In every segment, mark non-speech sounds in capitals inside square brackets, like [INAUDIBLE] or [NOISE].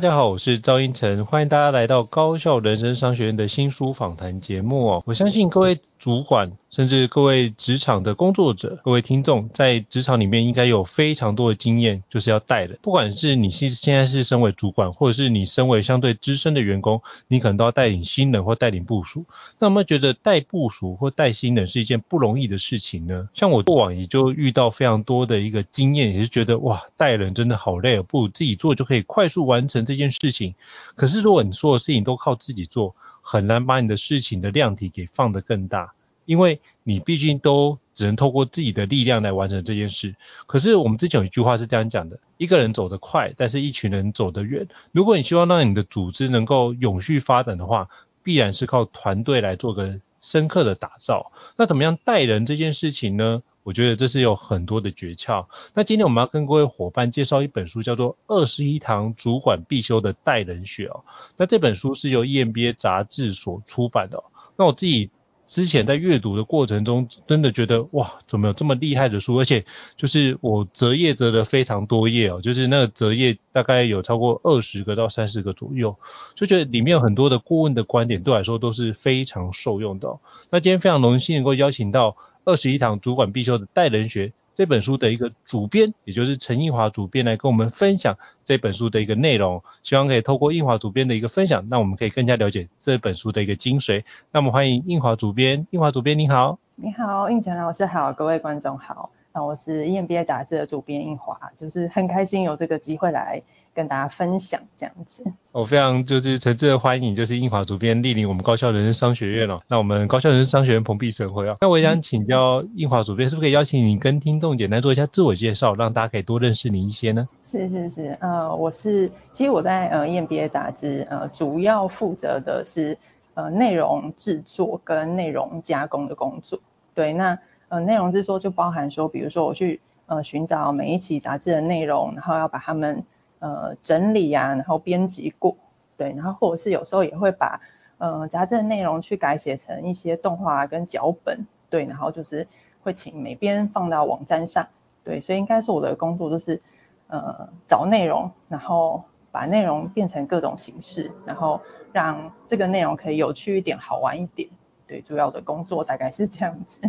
大家好，我是趙胤丞，歡迎大家來到高效人生商學院的新書訪談節目哦。我相信各位。主管，甚至各位職場的工作者，各位聽眾，在職場裡面應該有非常多的經驗，就是要帶人。不管是你是現在是身為主管，或者是你身為相對資深的員工，你可能都要帶領新人或帶領部署。那我們覺得帶部署或帶新人是一件不容易的事情呢？像我過往也就遇到非常多的一個經驗，也是覺得哇，帶人真的好累，不如自己做就可以快速完成這件事情。可是如果你所有的事情都靠自己做，很難把你的事情的量體給放得更大，因為你畢竟都只能透過自己的力量來完成這件事。可是我們之前有一句話是這樣講的：一個人走得快，但是一群人走得遠。如果你希望讓你的組織能夠永續發展的話，必然是靠團隊來做個深刻的打造。那怎麼樣帶人這件事情呢？我覺得這是有很多的訣竅。那今天我們要跟各位夥伴介紹一本書，叫做《二十一堂主管必修的帶人學》哦。那這本書是由 EMBA 雜誌所出版的哦。那我自己之前在閱讀的過程中，真的覺得哇，怎麼有這麼厲害的書？而且就是我折頁折的非常多頁哦，就是那個折頁大概有超過二十個到三十個左右，就覺得裡面有很多的顧問的觀點，對我來說都是非常受用的。那今天非常榮幸能夠邀請到。二十一堂主管必修的《帶人學》這本書的一個主編，也就是陳映華主編，來跟我們分享這本書的一個內容。希望可以透過映華主編的一個分享，讓我們可以更加了解這本書的一個精髓。那麼歡迎映華主編。映華主編您好，你好，你好胤丞老師好，各位觀眾好。那、啊、我是 EMBA 雜誌的主編映華，就是很開心有這個機會來跟大家分享這樣子。我、哦、非常就是誠摯的歡迎，就是映華主編蒞臨我們高效人生商學院了、哦。那我們高效人生商學院蓬蓽生輝啊。那我也想請教映華主編，是不是可以邀請你跟聽眾簡單做一下自我介紹，讓大家可以多認識你一些呢？是是是，呃，我是其實我在呃 EMBA 雜誌呃主要負責的是呃內容製作跟內容加工的工作。對，那。嗯、呃，內容製作就包含說，比如說我去呃尋找每一期雜誌的內容，然後要把它們呃整理啊，然後編輯過，對，然後或者是有時候也會把呃雜誌的內容去改寫成一些動畫跟腳本，對，然後就是會請美編放到網站上，對，所以應該是我的工作就是呃找內容，然後把內容變成各種形式，然後讓這個內容可以有趣一點、好玩一點，對，主要的工作大概是這樣子。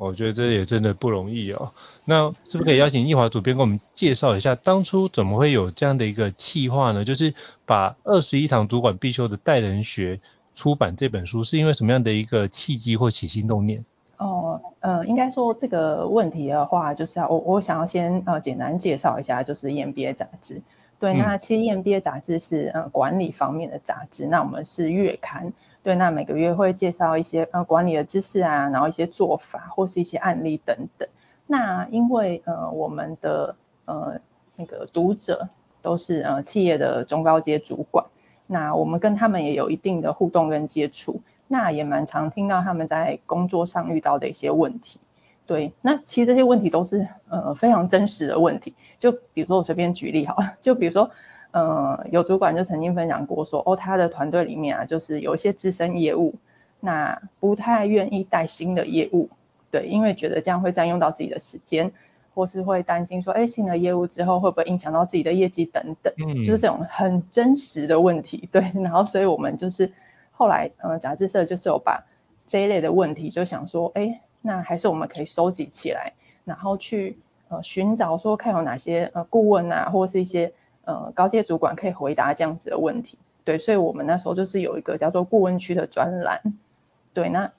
我覺得這也真的不容易哦。那是不是可以邀請映華主編跟我們介紹一下，當初怎麼會有這樣的一個企劃呢？就是把二十一堂主管必修的《帶人學》出版這本書，是因為什麼樣的一個契機或起心動念？哦，呃，應該說這個問題的話，就是、啊、我我想要先呃簡單介紹一下，就是 EMBA 雜誌。對，嗯、那其實 EMBA 雜誌是呃管理方面的雜誌，那我們是月刊。對，那每個月會介紹一些呃管理的知識啊，然後一些做法或是一些案例等等。那因為呃我們的呃那個讀者都是呃企業的中高階主管，那我們跟他們也有一定的互動跟接觸，那也蠻常聽到他們在工作上遇到的一些問題。對，那其實這些問題都是呃非常真實的問題。就比如說我隨便舉例好了，就比如說。呃、嗯，有主管就曾經分享過說，哦，他的團隊裡面啊，就是有一些資深業務，那不太願意帶新的業務，對，因為覺得這樣會佔用到自己的時間，或是會擔心說，哎，新的業務之後會不會影響到自己的業績等等，就是這種很真實的問題，對，然後所以我們就是後來，呃，雜誌社就是有把這一類的問題，就想說，哎，那還是我們可以收集起來，然後去呃尋找說，看有哪些呃顧問啊，或是一些。呃，高階主管可以回答這樣子的問題，對，所以我們那時候就是有一個叫做“顧問區”的專欄，對，那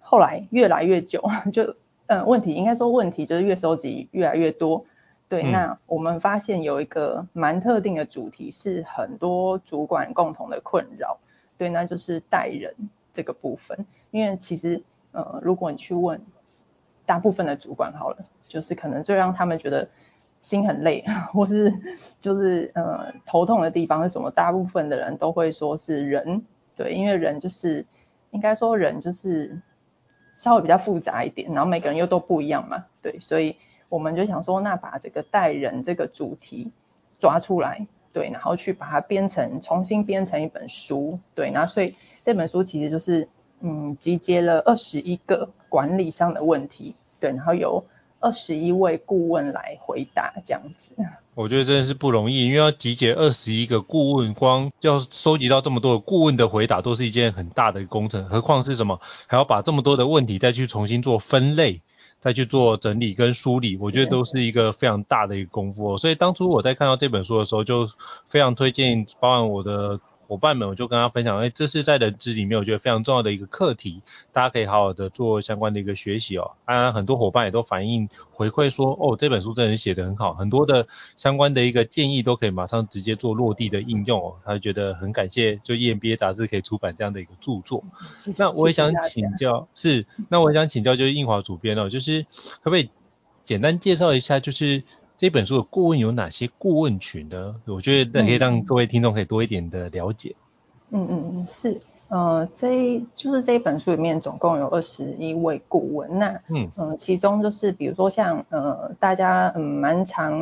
後來越來越久，就，嗯，問題應該說問題就是越收集越來越多，對，嗯、那我們發現有一個蠻特定的主題是很多主管共同的困擾，對，那就是帶人這個部分，因為其實，呃，如果你去問大部分的主管好了，就是可能最讓他們覺得。心很累，或是就是呃頭痛的地方是什麼？大部分的人都會說是人，對，因為人就是應該說人就是稍微比較複雜一點，然後每個人又都不一樣嘛，對，所以我們就想說，那把這個帶人這個主題抓出來，對，然後去把它編成重新編成一本書，對，那所以這本書其實就是嗯集結了二十一個管理上的問題，對，然後有。二十一位顧問來回答這樣子，我覺得真的是不容易，因為要集結二十一個顧問光，光要收集到這麼多顧問的回答，都是一件很大的一個工程，何況是什麼，還要把這麼多的問題再去重新做分類，再去做整理跟梳理，我覺得都是一個非常大的一個功夫哦。Yeah. 所以當初我在看到這本書的時候，就非常推薦包含我的。夥伴們，我就跟他分享，哎，這是在認知裡面，我覺得非常重要的一個課題，大家可以好好的做相關的一個學習哦。當、啊、然，很多夥伴也都反映回饋說，哦，這本書真的寫得很好，很多的相關的一個建議都可以馬上直接做落地的應用、哦，他覺得很感謝，就 EMBA 雜誌可以出版這樣的一個著作。謝謝謝謝，那我也想請教，是，那我也想請教就是映華主編哦，就是可不可以簡單介紹一下，就是。這本書的顧問有哪些顧問群呢？我覺得可以讓各位聽眾可以多一點的了解。嗯嗯嗯，是，呃，這一就是這一本書裡面總共有二十一位顧問，那嗯嗯、呃，其中就是比如說像呃大家嗯蠻常，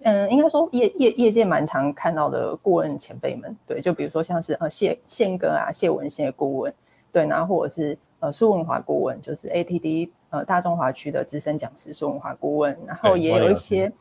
嗯、呃、應該說業業業界蠻常看到的顧問前輩們，對，就比如說像是呃謝憲哥啊，謝文憲顧問，對，然後或者是呃蘇文華顧問，就是 ATD。呃，大中華區的資深講師是文化顧問，然後也有一些，欸、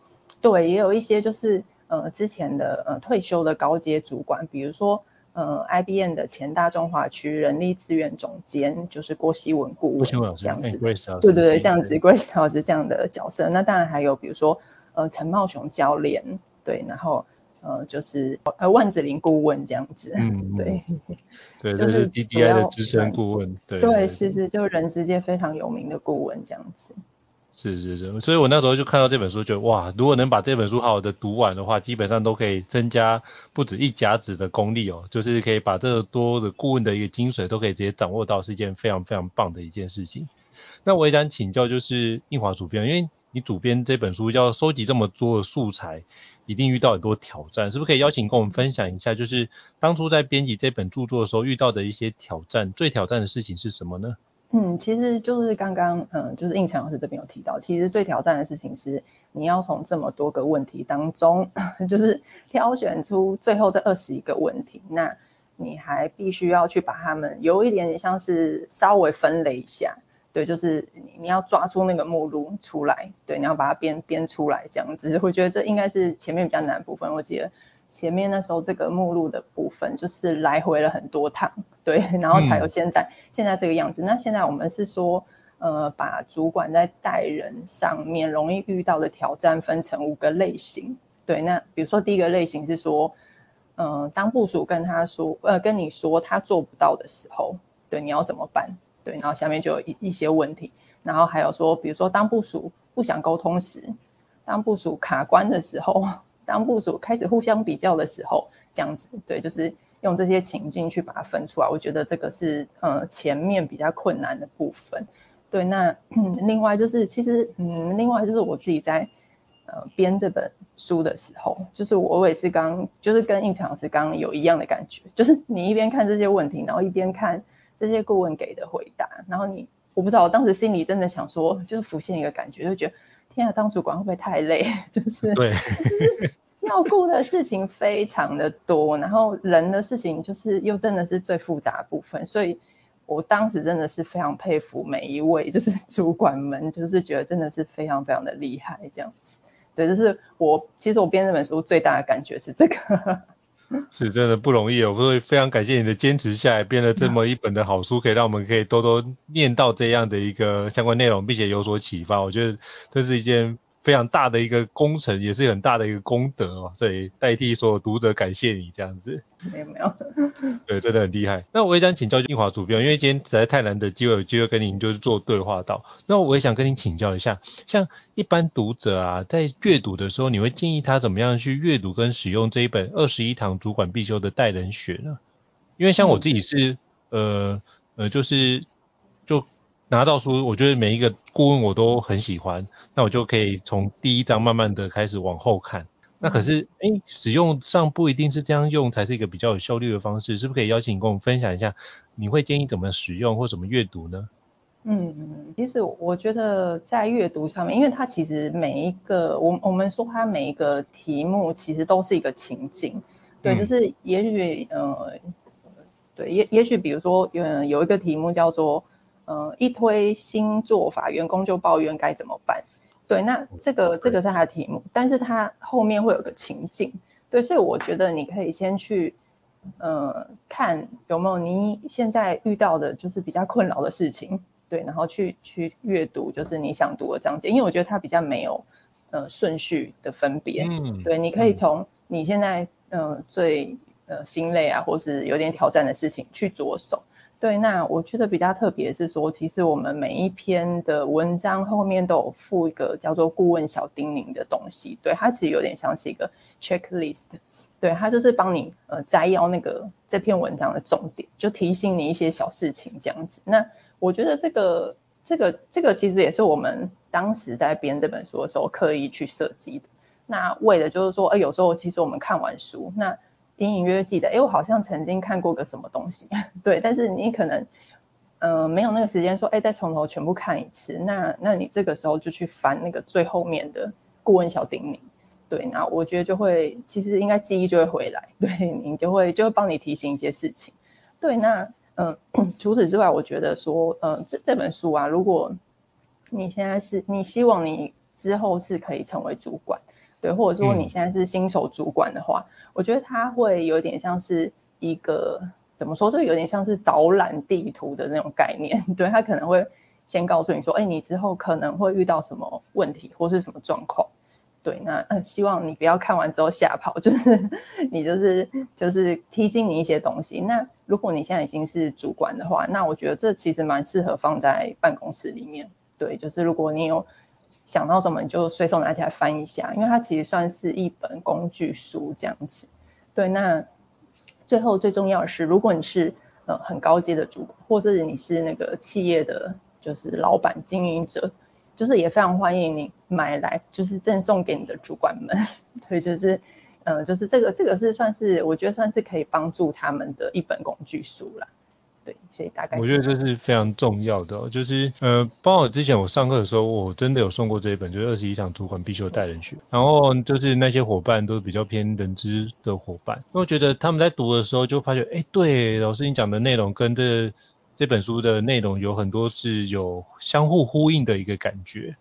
對，也有一些就是呃之前的呃退休的高階主管，比如說呃 IBM 的前大中華區人力資源總監，就是郭希文顧問郭文這樣子，欸、對對對，這樣子 Grace 老師這樣的角色，對對對，那當然還有比如說呃陳茂雄教練，對，然後。呃，就是呃萬子林顧問這樣子，嗯，對，對，就是、這是 DDI 的資深顧問，要對，對，對對是，是是，對就是人資界非常有名的顧問這樣子，是是是，所以我那時候就看到這本書，覺得哇，如果能把這本書好，好的讀完的話，基本上都可以增加不止一甲子的功力哦，就是可以把這麼多的顧問的一個精髓都可以直接掌握到，是一件非常非常棒的一件事情。嗯、那我也想請教就是映華主編，因為。你主編這本書要收集這麼多的素材，一定遇到很多挑戰，是不是可以邀請跟我們分享一下？就是當初在編輯這本著作的時候遇到的一些挑戰，最挑戰的事情是什麼呢？嗯，其實就是剛剛嗯，就是胤丞老師這邊有提到，其實最挑戰的事情是你要從這麼多個問題當中，就是挑選出最後這二十一個問題，那你還必須要去把它們有一點點像是稍微分類一下。對，就是你要抓住那個目錄出來，對，你要把它編編出來這樣子。我覺得這應該是前面比較難的部分。我記得前面那時候這個目錄的部分就是來回了很多趟，對，然後才有現在、嗯、現在這個樣子。那現在我們是說，呃，把主管在帶人上面容易遇到的挑戰分成五個類型。對，那比如說第一個類型是說，嗯、呃，當部屬跟他說，呃，跟你說他做不到的時候，對，你要怎麼辦？對，然後下面就有一一些問題，然後還有說，比如說當部屬不想溝通時，當部屬卡關的時候，當部屬開始互相比較的時候，這樣子，對，就是用這些情境去把它分出來。我覺得這個是，呃，前面比較困難的部分。對，那、嗯、另外就是，其實，嗯，另外就是我自己在，呃，編這本書的時候，就是我也是剛剛，就是跟胤丞老師剛剛有一樣的感覺，就是你一邊看這些問題，然後一邊看。這些顧問給的回答，然後你我不知道，我當時心裡真的想說，就是浮現一個感覺，就覺得天啊，當主管會不會太累？就是對， [LAUGHS] 就是要顧的事情非常的多，然後人的事情就是又真的是最複雜的部分，所以我當時真的是非常佩服每一位就是主管們，就是覺得真的是非常非常的厲害這樣子。對，就是我其實我編這本書最大的感覺是這個。是，真的不容易哦，所以非常感謝你的堅持下來，編了這麼一本的好書，嗯，可以讓我們可以多多念到這樣的一個相關內容，並且有所啟發。我覺得這是一件非常大的一個工程，也是很大的一個功德哦，所以代替所有讀者感謝你這樣子。沒有沒有，沒有對，真的很厲害。 [LAUGHS] 那我也想請教映華主編，因為今天實在太難得機會，有機會跟您就是做對話到。那我也想跟您請教一下，像一般讀者啊，在閱讀的時候，你會建議他怎麼樣去閱讀跟使用這一本《二十一堂主管必修的帶人學》呢？因為像我自己是，嗯、呃呃，就是就。拿到書，我覺得每一個顧問我都很喜歡，那我就可以從第一章慢慢的開始往後看。那可是，哎，使用上不一定是這樣用才是一個比較有效率的方式，是不是可以邀請你跟我們分享一下，你會建議怎麼使用或怎麼閱讀呢？嗯嗯，其實我覺得在閱讀上面，因為它其實每一個我我們說它每一個題目其實都是一個情境，對，嗯、就是也許呃，對，也也許比如說，嗯、呃，有一個題目叫做。嗯、呃，一推新做法，員工就抱怨，該怎麼辦？對，那這個、oh, okay. 這個是他的題目，但是他後面會有個情境。對，所以我覺得你可以先去，嗯、呃，看有沒有你現在遇到的，就是比較困擾的事情，對，然後去去閱讀，就是你想讀的章節，因為我覺得它比較沒有，呃，順序的分別，嗯、mm-hmm. 對，你可以從你現在，嗯、呃，最，呃，心累啊，或是有點挑戰的事情去着手。對，那我覺得比較特別是說，其實我們每一篇的文章後面都有附一個叫做“顧問小叮嚀”的東西，對，它其實有點像是一個 checklist，對，它就是幫你呃摘要那個這篇文章的重點，就提醒你一些小事情這樣子。那我覺得這個這個這個其實也是我們當時在編這本書的時候刻意去設計的，那為的就是說，哎、呃，有時候其實我們看完書，那隱隱約記得，哎，我好像曾經看過個什麼東西，對，但是你可能，嗯、呃，沒有那個時間說，哎，再從頭全部看一次，那，那你這個時候就去翻那個最後面的顧問小叮嚀，對，那我覺得就會，其實應該記憶就會回來，對你就會就會幫你提醒一些事情，對，那，嗯、呃，除此之外，我覺得說，嗯、呃，這這本書啊，如果你現在是，你希望你之後是可以成為主管。對，或者說你現在是新手主管的話，嗯、我覺得他會有點像是一個怎麼說，就有點像是導覽地圖的那種概念。對，他可能會先告訴你說，哎，你之後可能會遇到什麼問題或是什麼狀況。對，那希望你不要看完之後嚇跑，就是你就是就是提醒你一些東西。那如果你現在已經是主管的話，那我覺得這其實蠻適合放在辦公室裡面。對，就是如果你有。想到什麼你就隨手拿起來翻一下，因為它其實算是一本工具書這樣子。對，那最後最重要的是，如果你是呃很高階的主管，或是你是那個企業的就是老板經營者，就是也非常歡迎你買來就是贈送給你的主管們。對，就是呃，就是這個這個是算是我覺得算是可以幫助他們的一本工具書啦。對，所以大概我覺得這是非常重要的，哦，就是呃，包括之前我上課的時候，我真的有送過這一本，就是二十一堂主管必修帶人學，是是然後就是那些夥伴都比較偏人資的夥伴，因為我覺得他們在讀的時候就發覺，哎，對，老師你講的內容跟這這本書的內容有很多是有相互呼應的一個感覺。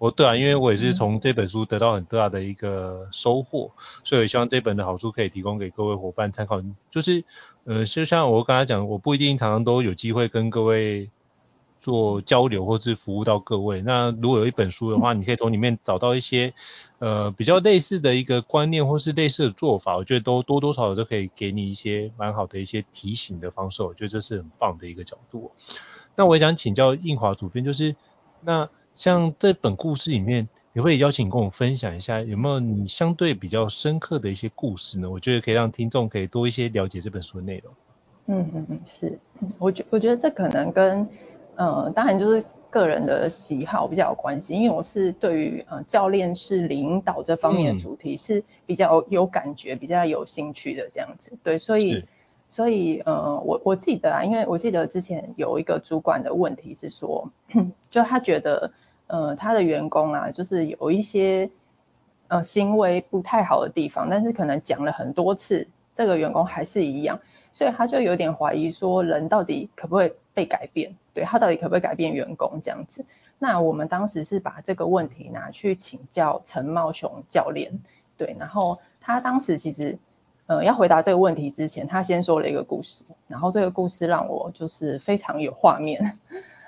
哦，對啊，因為我也是從這本書得到很大的一個收穫，嗯、所以也希望這本的好書可以提供給各位伙伴參考。就是，呃，就像我剛才講，我不一定常常都有機會跟各位做交流，或是服務到各位。那如果有一本書的話，你可以從裡面找到一些，呃，比較類似的一個觀念，或是類似的做法，我覺得都多多少少都可以給你一些蠻好的一些提醒的方式。我覺得這是很棒的一個角度。那我也想請教映華主編，就是那。像這本故事裡面，也會邀請跟我分享一下，有沒有你相對比較深刻的一些故事呢？我覺得可以讓聽眾可以多一些了解這本書的內容。嗯嗯嗯，是我覺我覺得這可能跟嗯、呃，當然就是個人的喜好比較有關係，因為我是對於、呃、教練式領導這方面的主題是比較有感覺、嗯、比較有興趣的這樣子，對，所以。所以，呃，我我記得啊，因為我記得之前有一個主管的問題是說，就他覺得，呃，他的員工啊，就是有一些，呃，行為不太好的地方，但是可能講了很多次，這個員工還是一樣，所以他就有點懷疑說，人到底可不可以被改變？對，他到底可不可以改變員工這樣子？那我們當時是把這個問題拿去請教陳茂雄教練，對，然後他當時其實。呃，要回答這個問題之前，他先說了一個故事，然後這個故事讓我就是非常有畫面。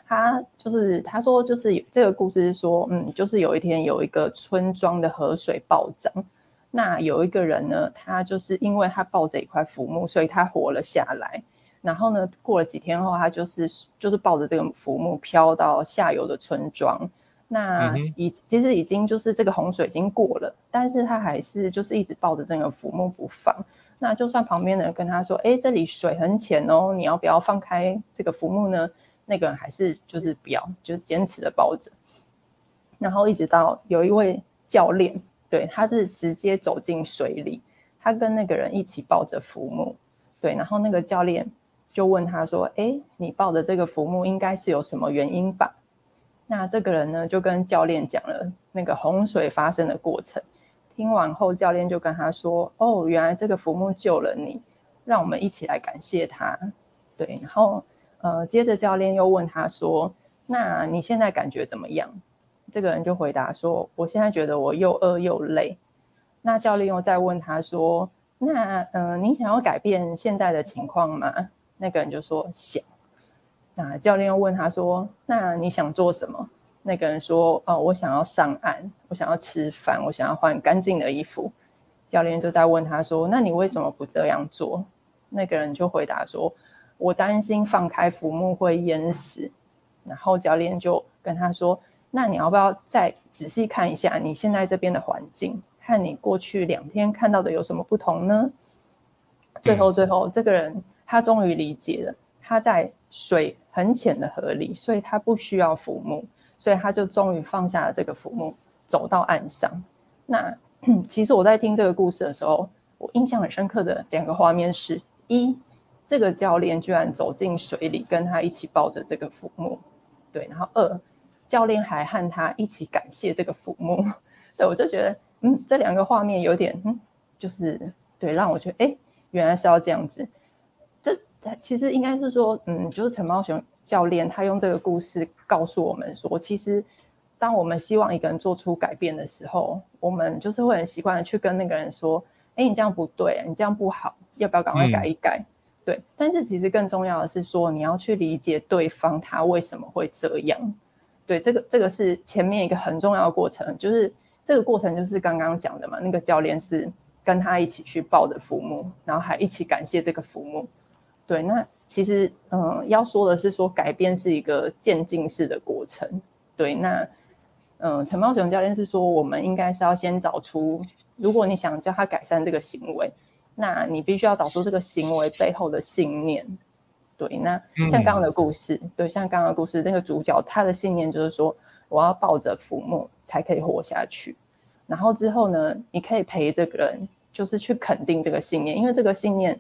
他就是他說就是這個故事是說，嗯，就是有一天有一個村莊的河水暴漲，那有一個人呢，他就是因為他抱着一塊浮木，所以他活了下來。然後呢，過了幾天後，他就是就是抱着這個浮木漂到下游的村莊。那已其實已經就是這個洪水已經過了，但是他還是就是一直抱着這個浮木不放。那就算旁邊的人跟他說，哎，這裡水很淺哦，你要不要放開這個浮木呢？那個人還是就是不要，就堅持的抱着。然後一直到有一位教練，對，他是直接走進水裡，他跟那個人一起抱着浮木，對，然後那個教練就問他說，哎，你抱著這個浮木應該是有什麼原因吧？那這個人呢，就跟教練講了那個洪水發生的過程，聽完後教練就跟他說，哦，原來這個浮木救了你，讓我們一起來感謝他。對，然後呃接着教練又問他說，那你現在感覺怎麼樣？這個人就回答說，我現在覺得我又餓又累。那教練又再問他說，那嗯，呃，你想要改變現在的情況嗎？那個人就說想。那教練又問他說：“那你想做什麼？”那個人說：“哦，我想要上岸，我想要吃飯，我想要換乾淨的衣服。”教練就再問他說：“那你為什麼不這樣做？”那個人就回答說：“我擔心放開浮木會淹死。”然後教練就跟他說：“那你要不要再仔細看一下你現在這邊的環境，看你過去兩天看到的有什麼不同呢？”最後最後，這個人他終於理解了，他在水很淺的河裡，所以他不需要浮木，所以他就終於放下了這個浮木，走到岸上。那其實我在聽這個故事的時候，我印象很深刻的兩個畫面是：一，這個教練居然走進水裡跟他一起抱着這個浮木。對；然後二，教練還和他一起感謝這個浮木。對，我就覺得，嗯，這兩個畫面有點，嗯，就是對，讓我覺得，哎，原來是要這樣子。他其實應該是說，嗯，就是陳茂雄教練他用這個故事告訴我們說，其實當我們希望一個人做出改變的時候，我們就是會很習慣的去跟那個人說，哎，你這樣不對啊，你這樣不好，要不要趕快改一改？嗯、對。但是其實更重要的是說，你要去理解對方他為什麼會這樣。對，這個這個是前面一個很重要的過程，就是這個過程就是剛剛講的嘛，那個教練是跟他一起去抱的父母，然後還一起感謝這個父母。對，那其實，嗯、呃，要說的是說，改變是一個漸進式的過程。對，那，嗯、呃，陳茂雄教練是說，我們應該是要先找出，如果你想叫他改善這個行為，那你必須要找出這個行為背後的信念。對，那像剛剛的故事，嗯、對，像剛剛的故事那個主角他的信念就是說，我要抱着父母才可以活下去。然後之後呢，你可以陪這個人，就是去肯定這個信念，因為這個信念。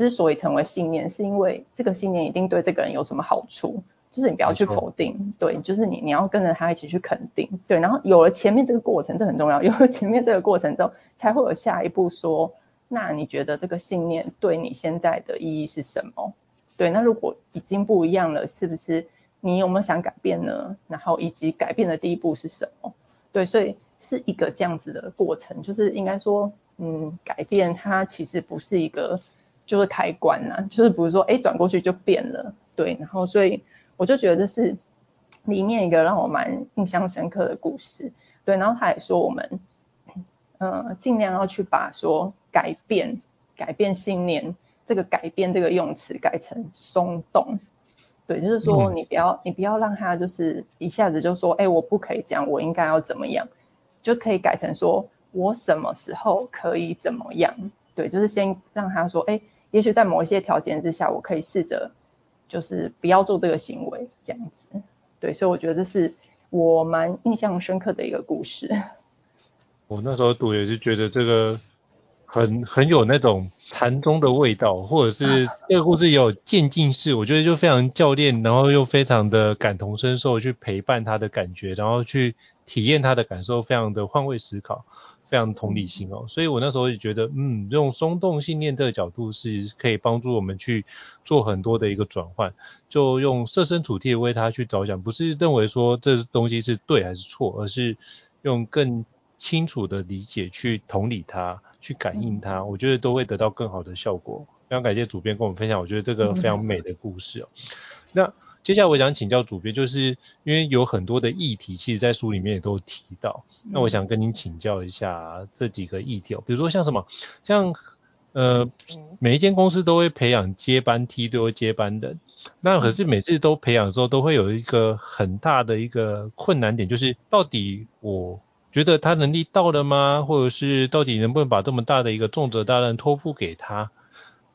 之所以成為信念，是因為這個信念一定對這個人有什麼好處，就是你不要去否定，沒錯，對，就是你你要跟着他一起去肯定，對，然後有了前面這個過程，這很重要，有了前面這個過程之後，才會有下一步說，那你覺得這個信念對你現在的意義是什麼？對，那如果已經不一樣了，是不是你有沒有想改變呢？然後以及改變的第一步是什麼？對，所以是一個這樣子的過程，就是應該說，嗯，改變它其實不是一個就是開關吶、啊，就是比如說，哎，轉過去就變了，對，然後所以我就覺得這是裡面一個讓我蠻印象深刻的故事，對，然後他也說我們，呃，盡量要去把說改變、改變信念這個改變這個用詞改成鬆動，對，就是說你不要、嗯、你不要讓他就是一下子就說，哎，我不可以講，我應該要怎麼樣，就可以改成說我什麼時候可以怎麼樣，對，就是先讓他說，哎。也許在某一些條件之下，我可以試着就是不要做這個行為，這樣子，對，所以我覺得這是我蠻印象深刻的一個故事。我那時候讀也是覺得這個很很有那種禪宗的味道，或者是這個故事有漸進式， [LAUGHS] 我覺得就非常教練，然後又非常的感同身受去陪伴他的感覺，然後去體驗他的感受，非常的換位思考。非常同理心哦，所以我那時候也覺得，嗯，用鬆動信念這個角度是可以幫助我們去做很多的一個轉換，就用設身處地為他去着想，不是認為說這東西是對還是錯，而是用更清楚的理解去同理他，去感應他，我覺得都會得到更好的效果。非常感謝主編跟我們分享，我覺得這個非常美的故事哦。那接下來我想請教主編，就是因為有很多的議題，其實，在書裡面也都提到。那我想跟您請教一下這幾個議題，哦，比如說像什麼，像呃，每一間公司都會培養接班梯隊、接班人，那可是每次都培養之後，都會有一個很大的一個困難點，就是到底我覺得他能力到了嗎？或者是到底能不能把這麼大的一個重責大任托付給他？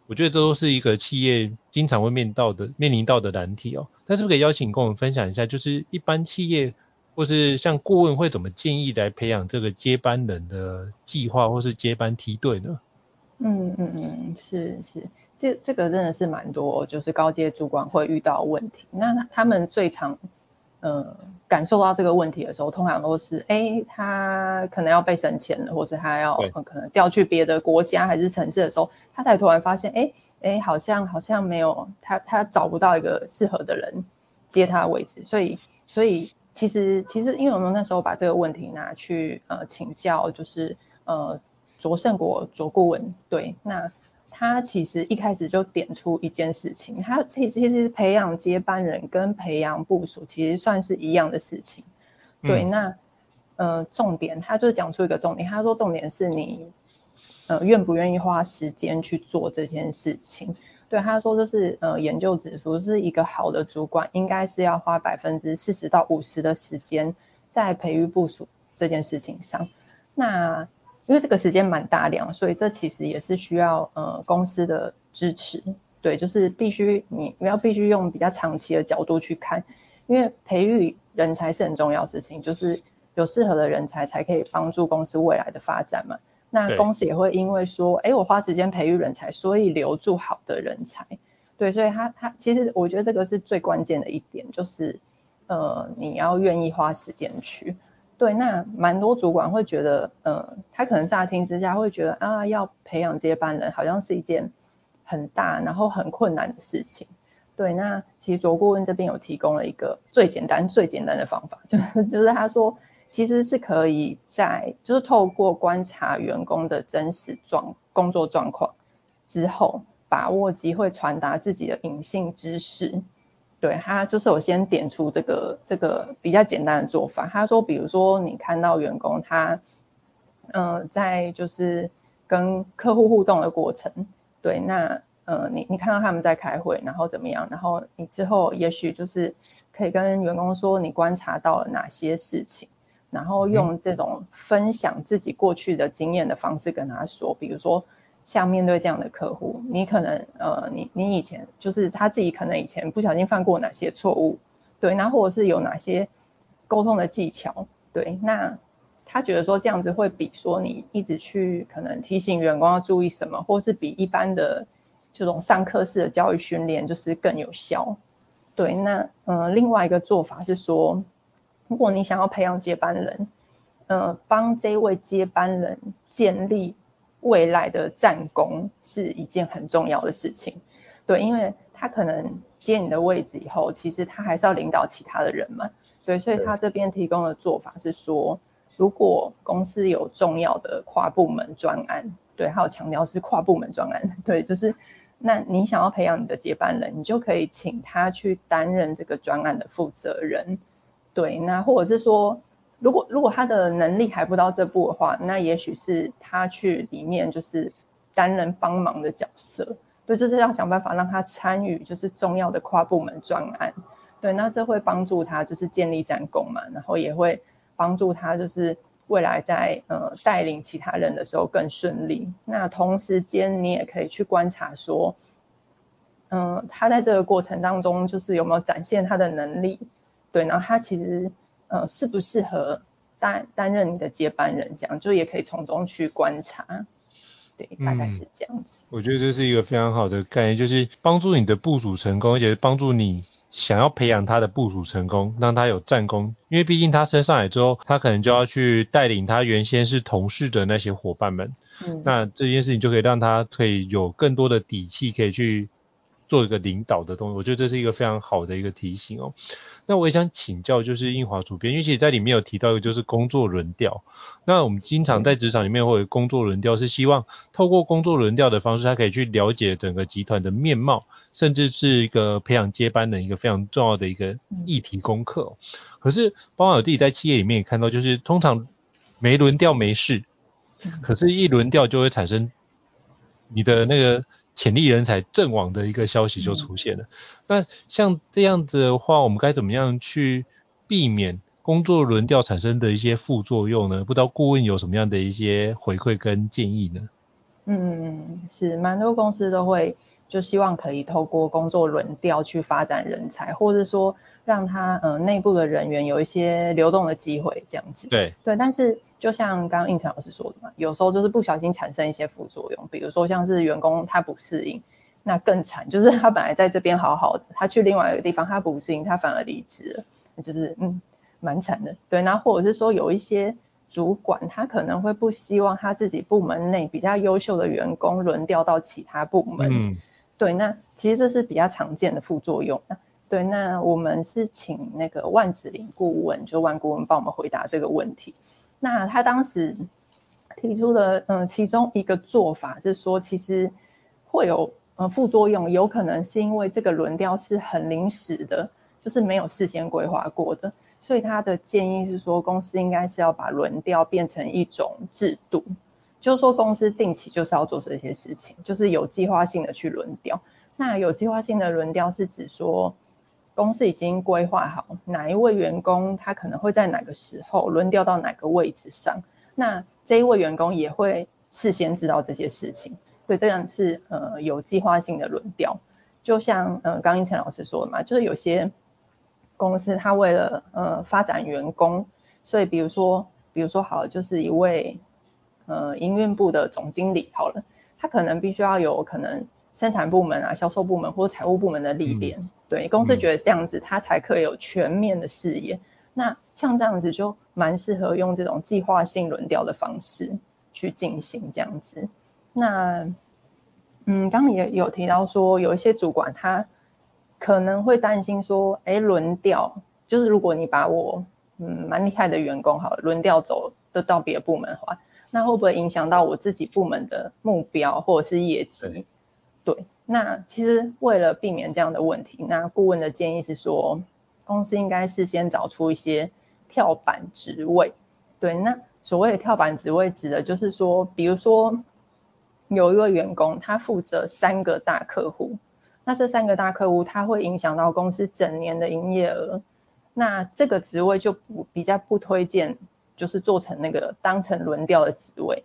我覺得這都是一個企業經常會面到的面臨到的難題哦。那是不是可以邀請跟我們分享一下，就是一般企業或是像顧問會怎麼建議來培養這個接班人的計劃或是接班梯隊呢？嗯嗯嗯，是是，這這個真的是蠻多哦，就是高階主管會遇到問題。那他們最常呃，感受到這個問題的時候，通常都是哎、欸，他可能要被升遷了，或者是他要對可能調去別的國家還是城市的時候，他才突然發現，哎、欸、哎、欸，好像好像沒有他，他找不到一個適合的人接他的位置，所以所以其實其實因為我們那時候把這個問題拿去呃請教就是呃卓勝國卓顧問對那。他其實一開始就點出一件事情，他培其實培養接班人跟培養部屬其實算是一樣的事情。嗯、對，那呃重點，他就講出一個重點，他說重點是你呃願不願意花時間去做這件事情。對，他說這、就是呃研究指出，是一個好的主管應該是要花百分之四十到五十的時間在培育部屬這件事情上。那因為這個時間蠻大量，所以這其實也是需要呃公司的支持，對，就是必須你你要必須用比較長期的角度去看，因為培育人才是很重要的事情，就是有適合的人才才可以幫助公司未來的發展嘛。那公司也會因為說，哎對，我花時間培育人才，所以留住好的人才，對，所以他他其實我覺得這個是最關鍵的一點，就是呃你要願意花時間去。對，那蠻多主管會覺得，呃，他可能乍聽之下會覺得啊，要培養接班人好像是一件很大，然後很困難的事情。對，那其實卓顧問這邊有提供了一個最簡單最簡單的方法，就是就是他說其實是可以在就是透過觀察員工的真實狀工作狀況之後，把握機會傳達自己的隱性知識。對，他就是我先點出這個這個比較簡單的做法。他說，比如說你看到員工他，嗯、呃，在就是跟客戶互動的過程，對，那嗯、呃，你你看到他們在開會，然後怎麼樣，然後你之後也許就是可以跟員工說你觀察到了哪些事情，然後用這種分享自己過去的經驗的方式跟他說，比如說。像面對這樣的客戶，你可能呃，你你以前就是他自己可能以前不小心犯過哪些錯誤，對，那或者是有哪些溝通的技巧，對，那他覺得說這樣子會比說你一直去可能提醒員工要注意什麼，或是比一般的這種上課式的教育訓練就是更有效，對，那嗯、呃，另外一個做法是說，如果你想要培養接班人，嗯、呃，幫這位接班人建立未來的戰功是一件很重要的事情，對，因為他可能接你的位置以後，其實他還是要領導其他的人嘛，對，所以他這邊提供的做法是說，如果公司有重要的跨部門專案，對，還有強調是跨部門專案，對，就是那你想要培養你的接班人，你就可以請他去擔任這個專案的負責人，對，那或者是說。如果如果他的能力還不到這步的話，那也許是他去裡面就是擔任幫忙的角色，對，就是要想辦法讓他參與就是重要的跨部門專案，對，那這會幫助他就是建立戰功嘛，然後也會幫助他就是未來在呃帶領其他人的時候更順利。那同時間你也可以去觀察說，嗯、呃，他在這個過程當中就是有沒有展現他的能力，對，然後他其實。呃，適不適合擔擔任你的接班人，這樣就也可以從中去觀察，對，大概是這樣子，嗯。我覺得這是一個非常好的概念，就是幫助你的部屬成功，而且幫助你想要培養他的部屬成功，讓他有戰功。因為畢竟他升上來之後，他可能就要去帶領他原先是同事的那些夥伴們，嗯，那這件事情就可以讓他可以有更多的底氣，可以去做一個領導的東西。我覺得這是一個非常好的一個提醒哦。那我也想請教，就是映華主編，因為其實在裡面有提到一個，就是工作輪調。那我們經常在職場裡面會有工作輪調，是希望透過工作輪調的方式，它可以去了解整個集團的面貌，甚至是一個培養接班的一個非常重要的一個議題功課。可是，包括我自己在企業裡面也看到，就是通常沒輪調沒事，可是一輪調就會產生你的那個。潛力人才陣亡的一個消息，就出現了。嗯、那像這樣子的話，我們該怎麼樣去避免工作輪調產生的一些副作用呢？不知道顧問有什麼樣的一些回饋跟建議呢？嗯，是蠻多公司都會就希望可以透過工作輪調去發展人才，或者說。讓他，嗯、呃、內部的人員有一些流動的機會這樣子。對對，但是就像剛剛胤丞老師說的嘛，有時候就是不小心產生一些副作用，比如說像是員工他不適應。那更慘就是他本來在這邊好好的，他去另外一個地方他不適應，他反而離職了，就是嗯蠻慘的對。那或者是說有一些主管他可能會不希望他自己部門內比較優秀的員工輪調到其他部門，嗯對，那其實這是比較常見的副作用。對，那我們是請那個萬子林顧問，就萬顧問幫我們回答這個問題。那他當時提出的嗯，其中一個做法是說，其實會有，嗯，副作用，有可能是因為這個輪調是很臨時的，就是沒有事先規劃過的。所以他的建議是說，公司應該是要把輪調變成一種制度，就是說公司定期就是要做這些事情，就是有計劃性的去輪調。那有計劃性的輪調是指說。公司已經規劃好哪一位員工他可能會在哪個時候輪調到哪個位置上，那這一位員工也會事先知道這些事情，所以這樣是呃有計劃性的輪調。就像呃剛胤丞老師說的嘛，就是有些公司他為了呃發展員工，所以比如說比如說好了，就是一位呃營運部的總經理好了，他可能必須要有可能。生產部門啊、銷售部門或者財務部門的歷練，嗯、對公司覺得這樣子，它、嗯、才可以有全面的視野。那像這樣子就蠻適合用這種計劃性輪調的方式去進行這樣子。那嗯，剛剛也有提到說，有一些主管他可能會擔心說，誒，輪調就是如果你把我嗯蠻厲害的員工好了輪調走，都到別的部門的話，那會不會影響到我自己部門的目標或者是業績？嗯對，那其實為了避免這樣的問題，那顧問的建議是說，公司應該事先找出一些跳板職位。對，那所謂的跳板職位，指的就是說，比如說有一位員工，他負責三個大客戶，那這三個大客戶他會影響到公司整年的營業額，那這個職位就不比較不推薦，就是做成那個當成輪調的職位。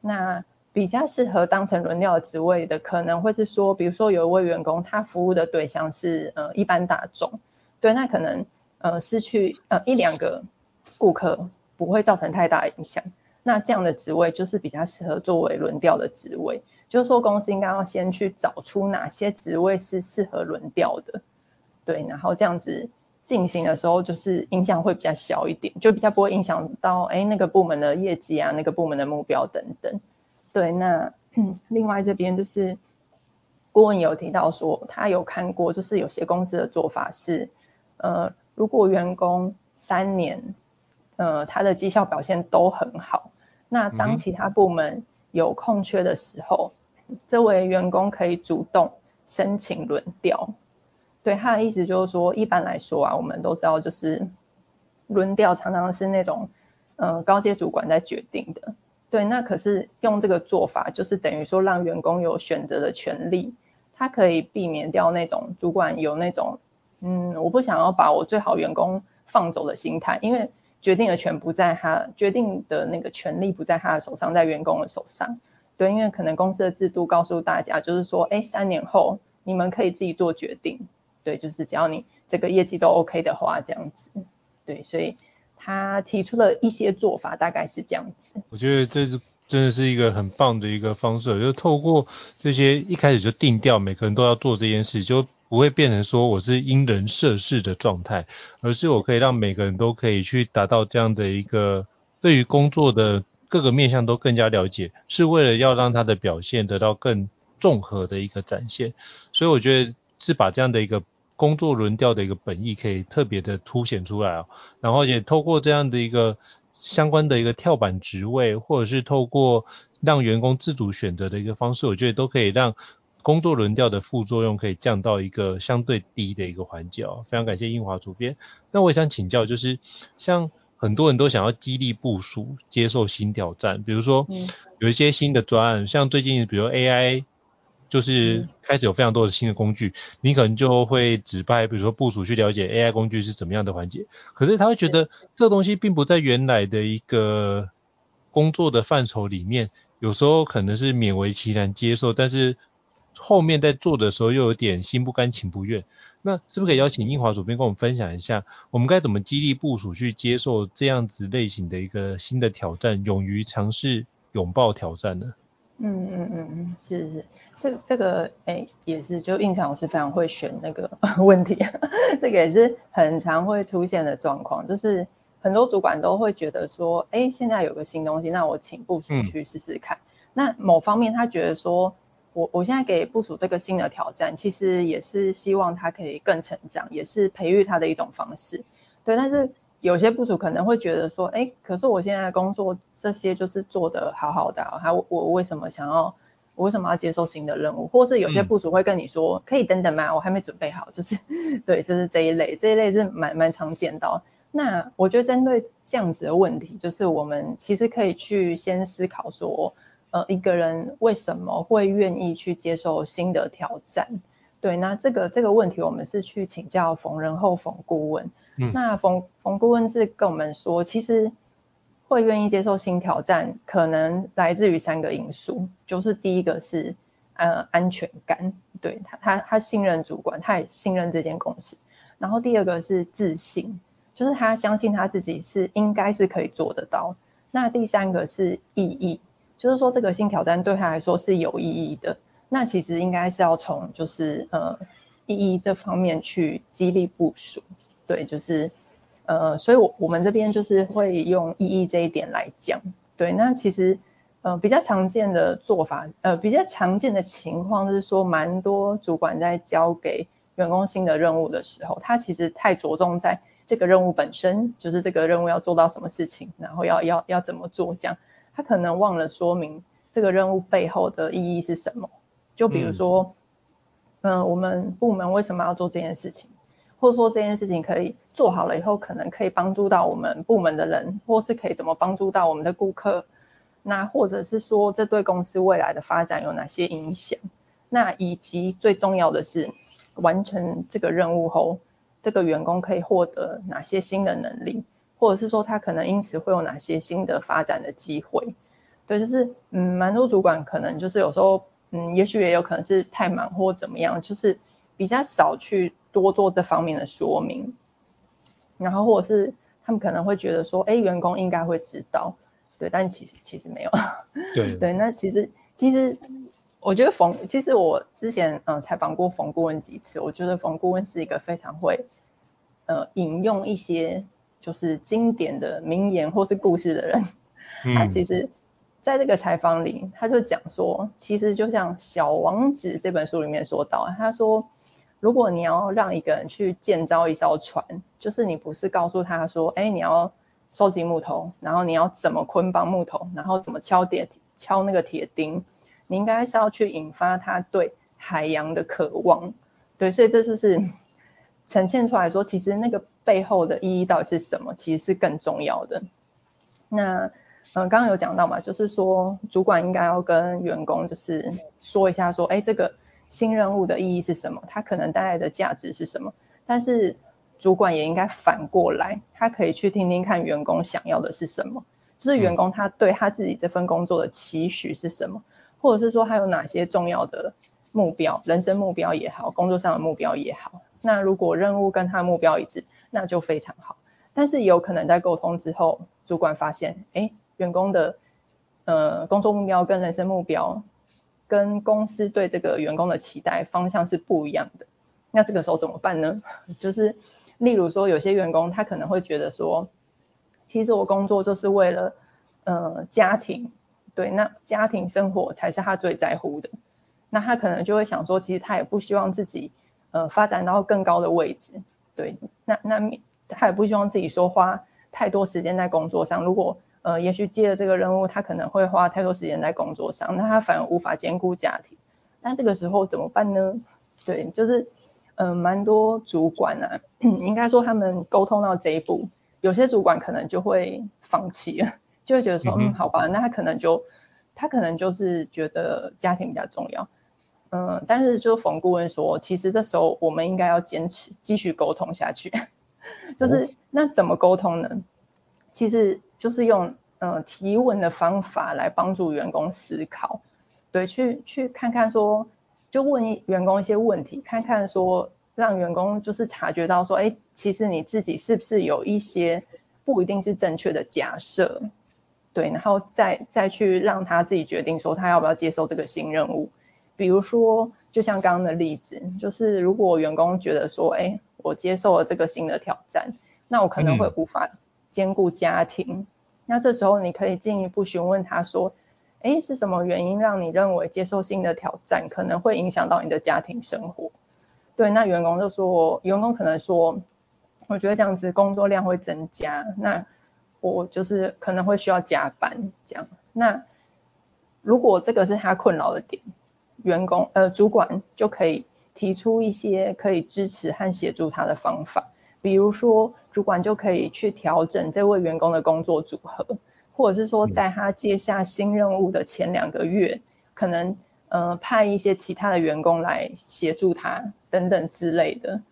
那比較適合當成輪調職位的，可能會是說，比如說有一位員工，他服務的對象是呃一般大眾，對，那可能呃失去呃一兩個顧客不會造成太大影響，那這樣的職位就是比較適合作為輪調的職位，就是說公司應該要先去找出哪些職位是適合輪調的，對，然後這樣子進行的時候，就是影響會比較小一點，就比較不會影響到哎、欸、那個部門的業績啊，那個部門的目標等等。對，那另外這邊就是顧問有提到說，他有看過，就是有些公司的做法是，呃，如果員工三年，呃，他的績效表現都很好，那當其他部門有空缺的時候，嗯哼。這位員工可以主動申請輪調。對，他的意思就是說，一般來說啊，我們都知道就是輪調常常是那種，呃，高階主管在決定的。對，那可是用這個做法，就是等於說讓員工有選擇的權利，他可以避免掉那種主管有那種，嗯，我不想要把我最好員工放走的心態，因為決定的權不在他，決定的那個權利不在他的手上，在員工的手上。對，因為可能公司的制度告訴大家，就是說，哎，三年後你們可以自己做決定。對，就是只要你這個業績都 OK 的話，這樣子。對，所以。他提出了一些做法，大概是這樣子。我覺得這是真的是一個很棒的一個方式，就是透過這些一開始就定調，每個人都要做這件事，就不會變成說我是因人設事的狀態，而是我可以讓每個人都可以去達到這樣的一個對於工作的各個面向都更加了解，是為了要讓他的表現得到更綜合的一個展現。所以我覺得是把這樣的一個。工作輪調的一個本意可以特別的凸顯出來啊、哦，然後也透過這樣的一個相關的一個跳板職位，或者是透過讓員工自主選擇的一個方式，我覺得都可以讓工作輪調的副作用可以降到一個相對低的一個環節哦。非常感謝映華主編。那我想請教，就是像很多人都想要激勵部屬接受新挑戰，比如說有一些新的專案，像最近比如 AI。就是開始有非常多的新的工具，嗯、你可能就會指派，比如說部屬去了解 AI 工具是怎麼樣的環節。可是他會覺得這東西並不在原來的一個工作的範疇裡面，有時候可能是勉為其難接受，但是後面在做的時候又有點心不甘情不願。那是不是可以邀請映華主編跟我們分享一下，我們該怎麼激勵部屬去接受這樣子類型的一個新的挑戰，勇於嘗試，擁抱挑戰呢？嗯嗯嗯嗯，是是，這個、這個哎、欸、也是，就映華老師非常會選那個問題，這個也是很常會出現的狀況，就是很多主管都會覺得說，哎、欸，現在有個新東西，那我請部屬去試試看。嗯、那某方面他覺得說，我我現在給部屬這個新的挑戰，其實也是希望他可以更成長，也是培育他的一種方式。對，但是。有些部屬可能會覺得說，哎，可是我現在工作這些就是做得好好的，哦，還我，我為什麼想要，我為什麼要接受新的任務？或是有些部屬會跟你說，嗯、可以等等嗎？我還沒準備好，就是，對，就是這一類，這一類是蠻蠻常見的。哦，那我覺得針對這樣子的問題，就是我們其實可以去先思考說，呃，一個人為什麼會願意去接受新的挑戰？對，那這個這個問題，我們是去請教馮仁厚馮顧問。嗯、那馮馮顧問是跟我們說，其實會願意接受新挑戰，可能來自於三個因素，就是第一個是呃安全感，對他他他信任主管，他也信任這間公司。然後第二個是自信，就是他相信他自己是應該是可以做得到。那第三個是意義，就是說這個新挑戰對他來說是有意義的。那其實應該是要從就是呃意義這方面去激勵部屬，對，就是呃，所以我，我我們這邊就是會用意義這一點來講，對，那其實呃比較常見的做法，呃比較常見的情況就是說，蠻多主管在交給員工新的任務的時候，他其實太着重在這個任務本身，就是這個任務要做到什麼事情，然後要要要怎麼做這樣，他可能忘了說明這個任務背後的意義是什麼。就比如說，嗯、呃，我們部門為什麼要做這件事情？或者說這件事情可以做好了以後，可能可以幫助到我們部門的人，或是可以怎麼幫助到我們的顧客，那或者是說這對公司未來的發展有哪些影響？那以及最重要的是，完成這個任務後，這個員工可以獲得哪些新的能力，或者是說他可能因此會有哪些新的發展的機會？對，就是嗯，蠻多主管可能就是有時候。嗯，也許也有可能是太忙或怎麼樣，就是比較少去多做這方面的說明，然後或者是他們可能會覺得說，哎、欸，員工應該會知道，對，但其實其實沒有。對對，那其實其實我覺得馮，其實我之前嗯採訪過馮顧問幾次，我覺得馮顧問是一個非常會呃引用一些就是經典的名言或是故事的人，他、嗯啊、其實。在這個採訪裡，他就講說，其實就像《小王子》這本書裡面說到，他說，如果你要讓一個人去建造一艘船，就是你不是告訴他說，哎，你要收集木頭，然後你要怎麼捆綁木頭，然後怎麼敲鐵敲那個鐵釘，你應該是要去引發他對海洋的渴望。對，所以這就是呈現出來說，其實那個背後的意義到底是什麼，其實是更重要的。那。嗯，剛剛有講到嘛，就是說主管應該要跟員工就是說一下說，說誒，這個新任務的意義是什麼，它可能帶來的價值是什麼。但是主管也應該反過來，他可以去聽聽看員工想要的是什麼，就是員工他對他自己這份工作的期許是什麼，嗯、或者是說他有哪些重要的目標，人生目標也好，工作上的目標也好。那如果任務跟他目標一致，那就非常好。但是有可能在溝通之後，主管發現，誒。員工的呃工作目標跟人生目標跟公司對這個員工的期待方向是不一樣的，那這個時候怎麼辦呢？就是例如說有些員工他可能會覺得說，其實我工作就是為了呃家庭，對，那家庭生活才是他最在乎的。那他可能就會想說，其實他也不希望自己呃發展到更高的位置，對，那那他也不希望自己說花太多時間在工作上，如果呃，也許接了這個任務，他可能會花太多時間在工作上，那他反而無法兼顧家庭。那這個時候怎麼辦呢？對，就是，嗯、呃，蠻多主管啊，應該說他們溝通到這一步，有些主管可能就會放棄了，就會覺得說，嗯，好吧，那他可能就，他可能就是覺得家庭比較重要，嗯，但是就馮顧問說，其實這時候我們應該要堅持，繼續溝通下去。就是那怎麼溝通呢？哦、其實。就是用嗯、呃、提問的方法來幫助員工思考，對，去去看看說，就問一員工一些問題，看看說，讓員工就是察覺到說，哎，其實你自己是不是有一些不一定是正確的假設，對，然後再再去讓他自己決定說，他要不要接受這個新任務。比如說，就像剛剛的例子，就是如果員工覺得說，哎，我接受了這個新的挑戰，那我可能會無法兼顧家庭。嗯。那這時候你可以進一步詢問他說，哎，是什麼原因讓你認為接受新的挑戰可能會影響到你的家庭生活？對，那員工就說，員工可能說，我覺得這樣子工作量會增加，那我就是可能會需要加班這樣。那如果這個是他困擾的點，員工呃主管就可以提出一些可以支持和協助他的方法，比如說，主管就可以去調整這位員工的工作組合，或者是說，在他接下新任務的前兩個月，可能呃派一些其他的員工來協助他等等之類的。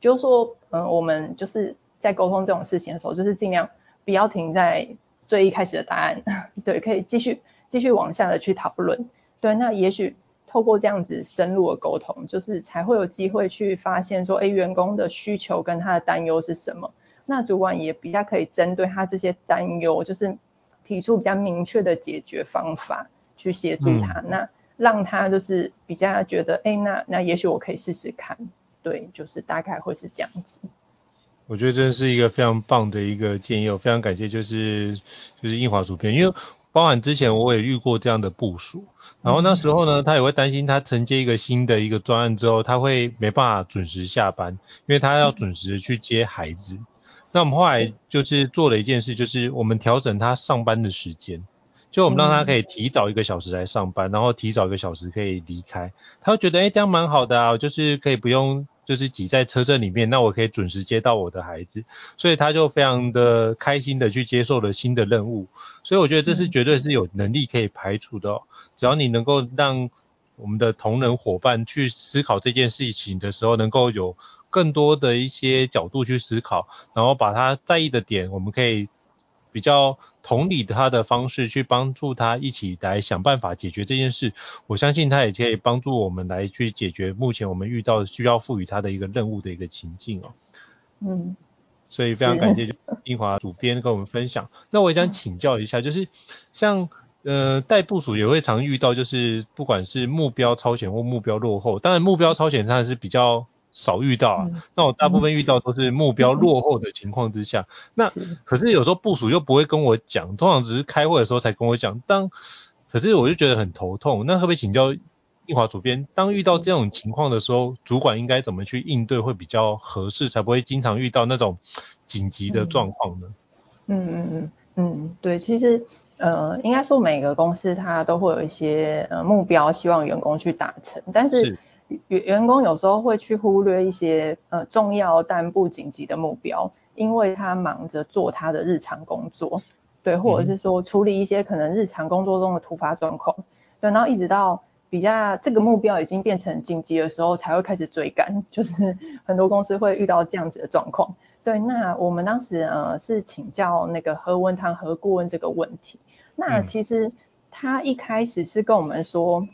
就是說，嗯、呃，我們就是在溝通這種事情的時候，就是盡量不要停在最一開始的答案，對，可以繼續繼續往下的去討論。對，那也許透過這樣子深入的溝通，就是才會有機會去發現說，哎、欸，員工的需求跟他的擔憂是什麼。那主管也比較可以針對他這些擔憂，就是提出比較明確的解決方法，去協助他，嗯、那讓他就是比較覺得，哎、欸，那那也許我可以試試看。對，就是大概會是這樣子。我覺得這是一個非常棒的一個建議，我非常感謝、就是，就是就是映華主編，因為包含之前我也遇過這樣的部屬，嗯、然後那時候呢，他也會擔心他承接一個新的一個專案之後，他會沒辦法準時下班，因為他要準時去接孩子。嗯那我們後來就是做了一件事，就是我們調整他上班的時間，就我們讓他可以提早一個小時來上班，然後提早一個小時可以離開。他會覺得，哎，誒這樣蠻好的啊，我就是可以不用就是擠在車陣裡面，那我可以準時接到我的孩子，所以他就非常的開心的去接受了新的任務。所以我覺得這是絕對是有能力可以排除的，哦。只要你能夠讓我們的同仁夥伴去思考這件事情的時候，能夠有。更多的一些角度去思考，然後把他在意的點，我們可以比較同理他的方式去幫助他一起來想辦法解決這件事。我相信他也可以幫助我們來去解決目前我們遇到需要賦予他的一個任務的一個情境哦。嗯，所以非常感謝映華主編跟我們分享。 [LAUGHS] 那我也想請教一下，就是像呃帶部屬也會常遇到，就是不管是目標超前或目標落後，當然目標超前它還是比較。少遇到啊，嗯、那我大部分遇到都是目標落後的情況之下，嗯嗯、那是，可是有時候部署又不會跟我講，通常只是開會的時候才跟我講，當可是我就覺得很頭痛。那特別請教映華主編，當遇到這種情況的時候，嗯、主管應該怎麼去應對會比較合適，才不會經常遇到那種緊急的狀況呢？嗯嗯嗯嗯，對，其實呃應該說每個公司它都會有一些呃目標，希望員工去達成，但是。是員員工有時候會去忽略一些呃重要但不緊急的目標，因為他忙着做他的日常工作，對，或者是說處理一些可能日常工作中的突發狀況，對，然後一直到比較這個目標已經變成緊急的時候，才會開始追趕，就是很多公司會遇到這樣子的狀況，對，那我們當時呃是請教那個何文堂何顧問這個問題，那其實他一開始是跟我們說。嗯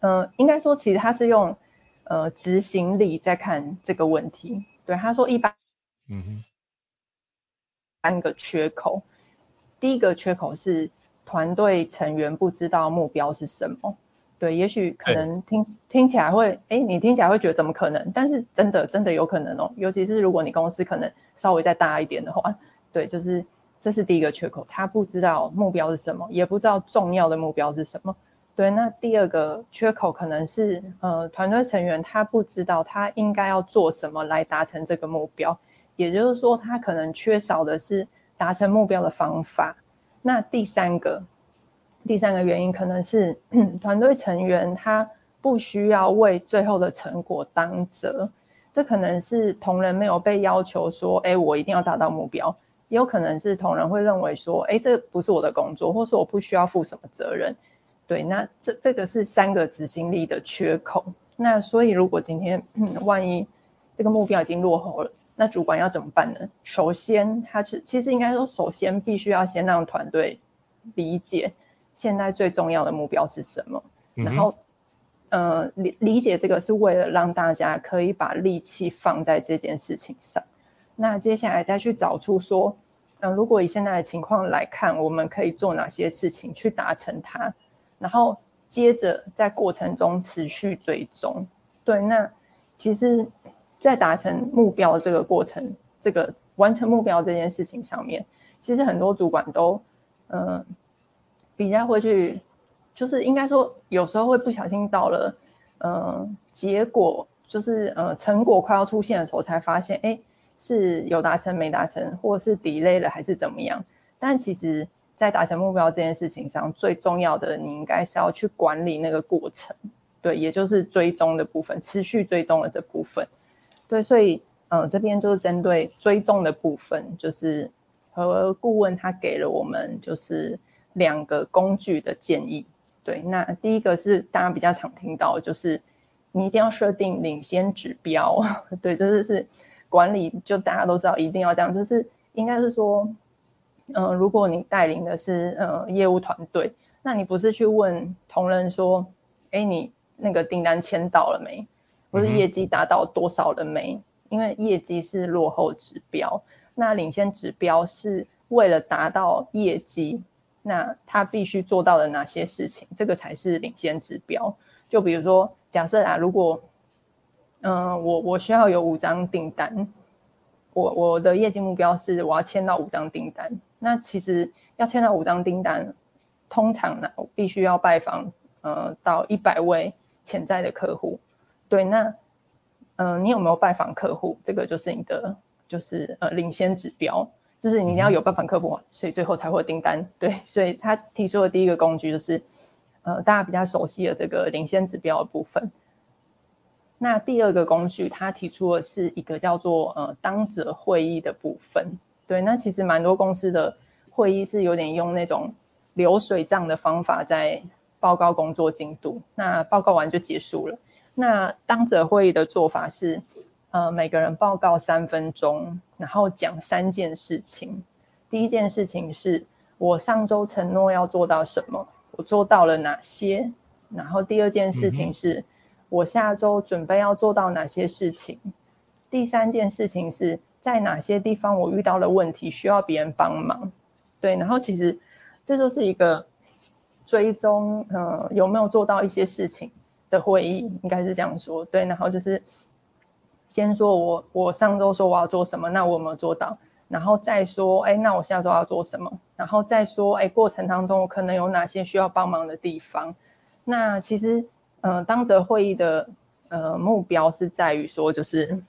嗯、呃，應該說其實他是用呃執行力在看這個問題。對，他說一般嗯三個缺口，嗯、哼，第一個缺口是團隊成員不知道目標是什麼。對，也許可能聽、欸、聽起來會，哎、欸，你聽起來會覺得怎麼可能？但是真的真的有可能哦，尤其是如果你公司可能稍微再大一點的話，對，就是這是第一個缺口，他不知道目標是什麼，也不知道重要的目標是什麼。對，那第二個缺口可能是，呃，團隊成員他不知道他應該要做什麼來達成這個目標，也就是說他可能缺少的是達成目標的方法。那第三個，第三個原因可能是團隊成員他不需要為最後的成果當責，這可能是同仁沒有被要求說，哎，我一定要達到目標，也有可能是同仁會認為說，哎，這不是我的工作，或是我不需要負什麼責任。對，那這這個是三個執行力的缺口。那所以如果今天萬一這個目標已經落後了，那主管要怎麼辦呢？首先，他是其實應該說，首先必須要先讓團隊理解現在最重要的目標是什麼。嗯哼。然後，呃理理解這個是為了讓大家可以把力氣放在這件事情上。那接下來再去找出說，嗯、呃，如果以現在的情況來看，我們可以做哪些事情去達成它？然後接着在過程中持續追蹤，對，那其實，在達成目標這個過程，這個完成目標這件事情上面，其實很多主管都，嗯、呃，比較會去，就是應該說，有時候會不小心到了，嗯、呃，結果就是，呃，成果快要出現的時候，才發現，哎，是有達成沒達成，或者是 delay 了還是怎麼樣，但其實。在達成目標這件事情上，最重要的你應該是要去管理那個過程，對，也就是追蹤的部分，持續追蹤的這部分，對，所以，嗯，這邊就是針對追蹤的部分，就是和顧問他給了我們就是兩個工具的建議，對，那第一個是大家比較常聽到，就是你一定要設定領先指標，對，這就是管理，就大家都知道一定要這樣，就是應該是說。嗯、呃，如果你帶領的是嗯、呃、業務團隊，那你不是去問同仁說，哎、欸，你那個訂單簽到了沒？或者業績達到多少了沒？嗯、哼因為業績是落後指標，那領先指標是為了達到業績，那他必須做到的哪些事情，這個才是領先指標。就比如說，假設啊，如果嗯、呃、我我需要有五張訂單，我我的業績目標是我要簽到五張訂單。那其實要簽到五張訂單，通常呢我必須要拜訪呃到一百位潛在的客戶。對，那呃，你有沒有拜訪客戶？這個就是你的就是呃領先指標，就是你一定要有拜訪客戶，所以最後才會訂單。對，所以他提出的第一個工具就是呃大家比較熟悉的這個領先指標的部分。那第二個工具他提出的是一個叫做呃當責會議的部分。對，那其實蠻多公司的會議是有點用那種流水賬的方法在報告工作進度，那報告完就結束了。那當者會議的做法是，呃，每個人報告三分鐘，然後講三件事情。第一件事情是，我上周承諾要做到什麼，我做到了哪些。然後第二件事情是，嗯、哼我下周準備要做到哪些事情。第三件事情是。在哪些地方我遇到了問題，需要別人幫忙？對，然後其實這就是一個追蹤，嗯、呃，有沒有做到一些事情的會議，應該是這樣說。對，然後就是先說我我上週說我要做什麼，那我有沒有做到，然後再說，哎，那我下週要做什麼，然後再說，哎，過程當中我可能有哪些需要幫忙的地方？那其實，嗯、呃，當著會議的，呃，目標是在於說就是。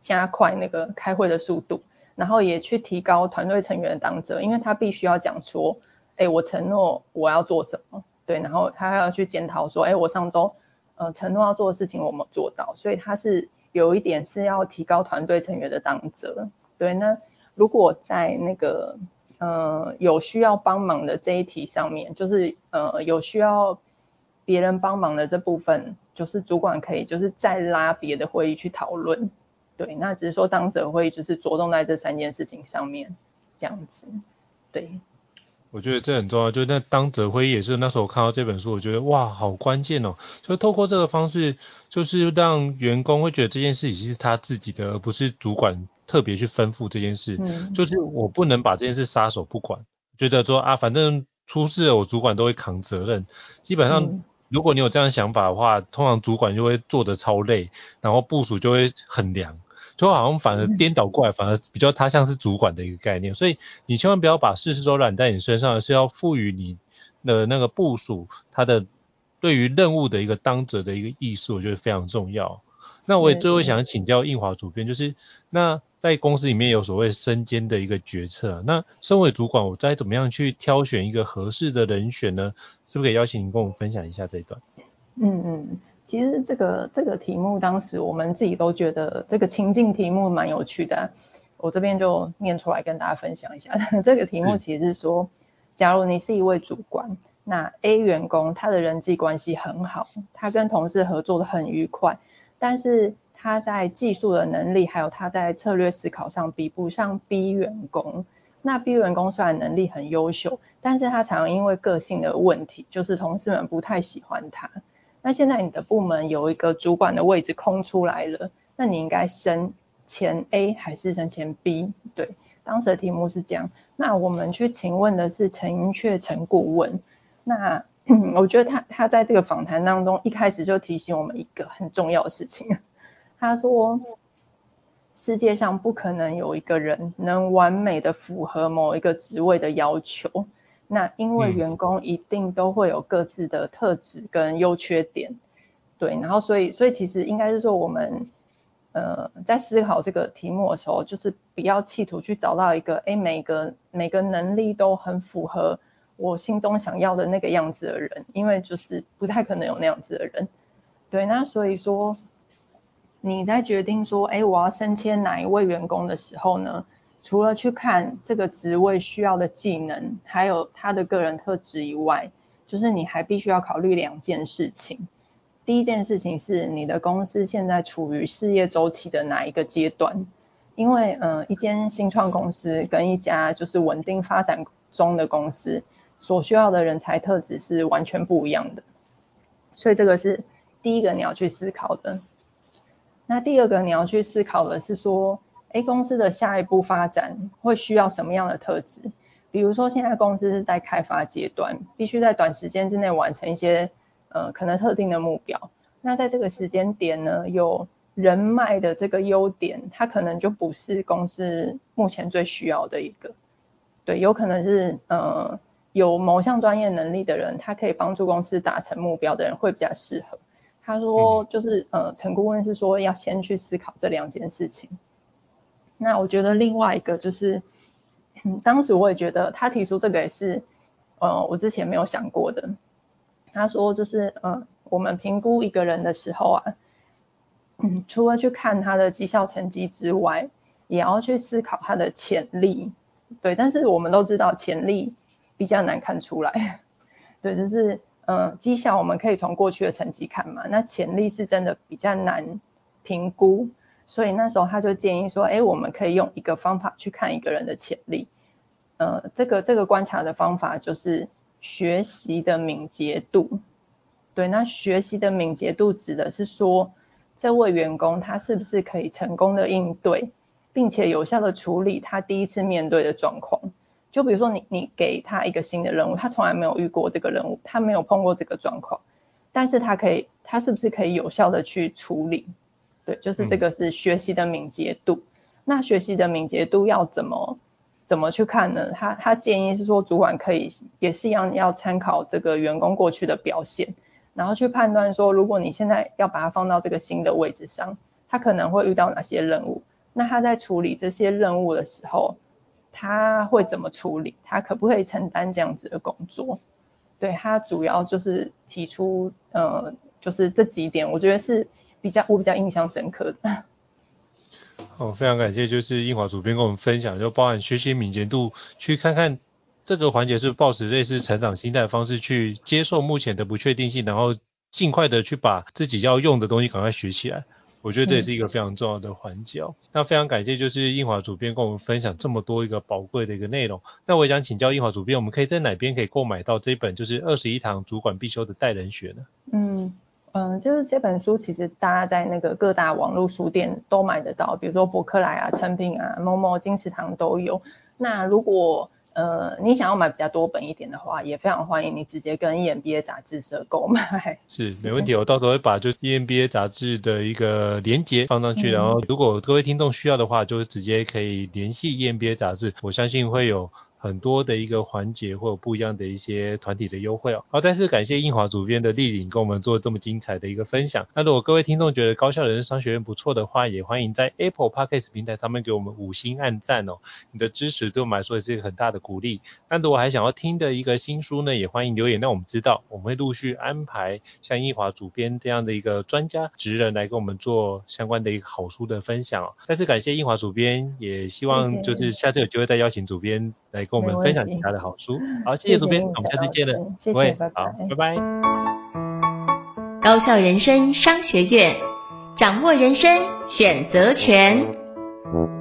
加快那個開會的速度，然後也去提高團隊成員的擔責，因為他必須要講說，哎，我承諾我要做什麼，對，然後他要去檢討說，哎，我上周，呃，承諾要做的事情我沒有做到，所以他是有一點是要提高團隊成員的擔責，對。那如果在那個，呃，有需要幫忙的這一題上面，就是，呃，有需要別人幫忙的這部分，就是主管可以就是再拉別的會議去討論。對，那只是說當則輝就是着重在這三件事情上面這樣子，對。我覺得這很重要，就那當則輝也是那時候我看到這本書，我覺得哇，好關鍵哦。就是透過這個方式，就是讓員工會覺得這件事情是他自己的，而不是主管特別去吩咐這件事。嗯、就是我不能把這件事撒手不管，覺得說啊，反正出事了我主管都會扛責任。基本上，嗯、如果你有這樣想法的話，通常主管就會做得超累，然後部署就會很涼。所以好像反而顛倒過來，反而比較他像是主管的一個概念，所以你千萬不要把事事都攬在你身上，而是要賦予你的那個部屬它的對於任務的一個當責的一個意思，我覺得非常重要。那我也最後想請教映華主編，就是那在公司裡面有所謂身兼的一個決策，那身為主管，我該怎麼樣去挑選一個合適的人選呢？是不是可以邀請你跟我分享一下這一段？嗯嗯。其實這個這個題目，當時我們自己都覺得這個情境題目蠻有趣的啊，我這邊就念出來跟大家分享一下。這個題目其實是說，嗯、假如你是一位主管，那 A 員工他的人際關係很好，他跟同事合作得很愉快，但是他在技術的能力還有他在策略思考上比不上 B 員工。那 B 員工雖然能力很優秀，但是他常常因為個性的問題，就是同事們不太喜歡他。那現在你的部門有一個主管的位置空出來了，那你應該升前 A 還是升前 B？對，當時的題目是這樣。那我們去請問的是陳雲雀陳顧問。那我覺得他他在這個訪談當中一開始就提醒我們一個很重要的事情，他說世界上不可能有一個人能完美的符合某一個職位的要求。那因為員工一定都會有各自的特質跟優缺點，對，然後所以所以其實應該是說我們呃在思考這個題目的時候，就是不要企圖去找到一個，哎，每個每個能力都很符合我心中想要的那個樣子的人，因為就是不太可能有那樣子的人，對，那所以說你在決定說，哎，我要升遷哪一位員工的時候呢？除了去看這個職位需要的技能，還有他的個人特質以外，就是你還必須要考慮兩件事情。第一件事情是你的公司現在處於事業週期的哪一個階段，因為嗯、呃，一間新創公司跟一家就是穩定發展中的公司，所需要的人才特質是完全不一樣的。所以這個是第一個你要去思考的。那第二個你要去思考的是說，A 公司的下一步發展會需要什麼樣的特質？比如說，現在公司是在開發階段，必須在短時間之內完成一些，呃，可能特定的目標。那在這個時間點呢，有人脈的這個優點，他可能就不是公司目前最需要的一個。對，有可能是，呃，有某項專業能力的人，他可以幫助公司達成目標的人會比較適合。他說，就是，呃，陳顧問是說要先去思考這兩件事情。那我覺得另外一個就是、嗯，當時我也覺得他提出這個也是，呃、嗯，我之前沒有想過的。他說就是，呃、嗯、我們評估一個人的時候啊、嗯，除了去看他的績效成績之外，也要去思考他的潛力。對，但是我們都知道潛力比較難看出來。對，就是，嗯，績效我們可以從過去的成績看嘛，那潛力是真的比較難評估。所以那時候他就建議說，哎，我們可以用一個方法去看一個人的潛力。呃，這個這個觀察的方法就是學習的敏捷度。對，那學習的敏捷度指的是說，這位員工他是不是可以成功的應對，並且有效的處理他第一次面對的狀況。就比如說你，你給他一個新的任務，他從來沒有遇過這個任務，他沒有碰過這個狀況，但是他可以，他是不是可以有效的去處理？對，就是這個是學習的敏捷度。嗯。那學習的敏捷度要怎麼怎麼去看呢？他他建議是說，主管可以也是一樣，要參考這個員工過去的表現，然後去判斷說，如果你現在要把他放到這個新的位置上，他可能會遇到哪些任務？那他在處理這些任務的時候，他會怎麼處理？他可不可以承擔這樣子的工作？對，他主要就是提出呃，就是這幾點，我覺得是。比較我比較印象深刻的。哦，非常感謝，就是映華主編跟我們分享，就包含學習敏捷度，去看看這個環節是抱持類似成長心態的方式去接受目前的不確定性，然後盡快的去把自己要用的東西趕快學起來。我覺得這也是一個非常重要的環節。嗯、那非常感謝，就是映華主編跟我們分享這麼多一個寶貴的一個內容。那我也想請教映華主編，我們可以在哪邊可以購買到這本就是二十一堂主管必修的帶人學呢？嗯。嗯，就是這本書其實大家在那個各大網絡書店都買得到，比如說博客來啊、誠品啊、某某金石堂都有。那如果呃你想要買比較多本一點的話，也非常歡迎你直接跟 EMBA 雜誌社購買。是，沒問題，是我到時候會把就 EMBA 雜誌的一個連結，放上去，嗯、然後如果各位聽眾需要的話，就直接可以聯繫 EMBA 雜誌，我相信會有，很多的一個環節會有不一樣的一些團體的優惠哦。好，再次感謝映華主編的莅臨，跟我們做這麼精彩的一個分享。那如果各位聽眾覺得高效人生商學院不錯的話，也歡迎在 Apple Podcast 平台上面給我們五星按讚哦。你的支持對我們來說也是一個很大的鼓勵。那如果還想要聽的一個新書呢，也歡迎留言讓我們知道，我們會陸續安排像映華主編這樣的一個專家職人來跟我們做相關的一個好書的分享哦。再次感謝映華主編，也希望就是下次有機會再邀請主編來。跟我們分享其他的好書。好，謝謝主編，謝謝我們下期見了，各位，對好，拜拜。拜拜，高效人生商學院，掌握人生選擇權。嗯